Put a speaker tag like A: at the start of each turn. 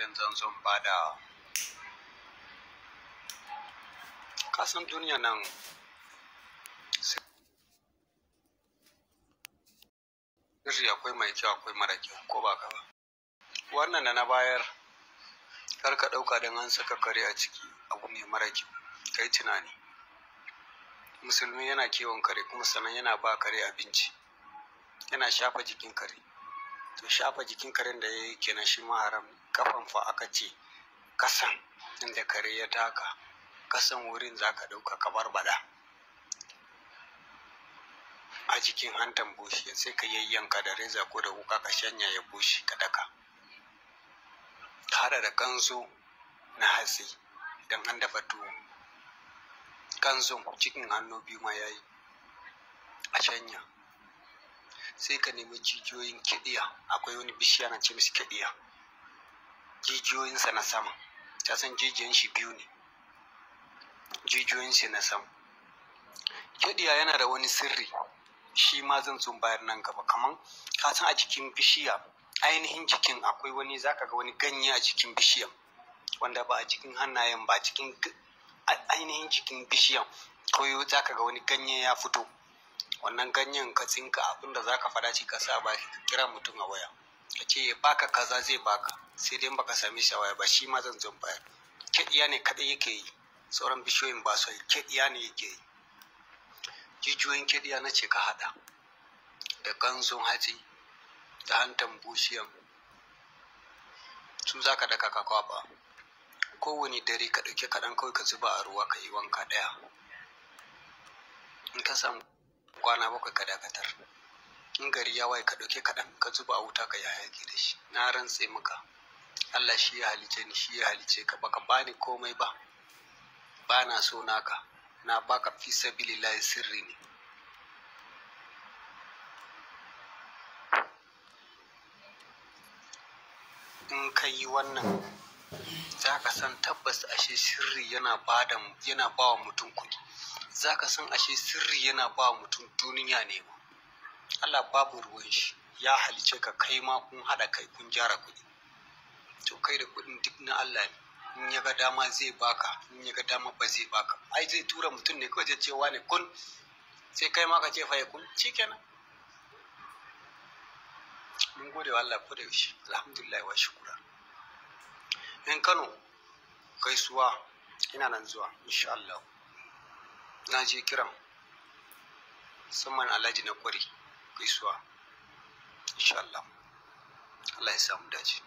A: ɗin zan kasan duniya nan sirri akwai mai kyau akwai mara kyau ko ba ka ba wannan na bayar kar ka ɗauka don an saka kare a ciki abu ne mara kyau ka tunani musulmi yana kiwon kare kuma sannan yana ba kare abinci yana shafa jikin kare to shafa jikin karen da ya yi kenan shi ma haram kafan fa aka ce kasan inda kare ya taka kasan wurin za ka ɗauka ka barbada a jikin hantan bushe sai ka yayyanka da reza ko da wuka ka shanya ya bushi ka daka hada da kanzo na hatsi don an dafa tuwo kanzon cikin hannu biyu ma yi, a shanya sai ka nemi jijiyoyin kidiya akwai wani bishiya na ce masu kidiya jijiyoyinsa na sama ta san jijiyan shi biyu ne jijiyoyin shi na sama kidiya yana da wani sirri shi ma zan zo bayar nan gaba kaman ka san a jikin bishiya ainihin jikin akwai wani zaka ga wani ganye a jikin bishiyan wanda ba a cikin hannayen ba cikin ainihin jikin bishiyan koyo zaka ga wani ganye ya fito wannan ganyen ka tsinka abin da zaka faɗa ci ka sa ka kira mutum a waya ka ce ya baka kaza zai baka sai dai baka sami shi a waya ba shi ma zan zan bayar iya ne kaɗai yake yi sauran bishiyoyin ba su iya ne yake yi jijiyoyin keɗiya na ce ka haɗa da ganzon hatsi da hantan bushiyan su zaka daka ka kwaba kowane dare ka ɗauke kaɗan kawai ka zuba a ruwa ka yi wanka ɗaya in ka samu kwana bakwai ka dakatar in gari ya waye ka ɗauke kaɗan ka zuba a wuta ka yayyage da shi na rantse maka Allah shi ya halice ni shi ya halice ka baka bani komai ba ba na so naka na baka fi layi sirri ne in ka yi wannan za ka san tabbas ashe sirri yana ba da yana ba wa mutum kuɗi za ka san ashe sirri yana ba wa mutum duniya ne ma Allah babu ruwan shi ya halice ka kai ma kun haɗa kai kun gyara kuɗi to kai da kuɗin duk na Allah ne in ya ga dama zai baka in ya ga dama ba zai baka ai zai tura mutum ne kawai cewa ne kun sai kai ma ka ce fa ya kun kenan mun gode wa Allah ko da yaushe alhamdulillah wa shukura yan kano gaisuwa ina nan zuwa insha Allah na je kiran musamman alhaji na kwari gaisuwa insha Allah Allah ya samu dace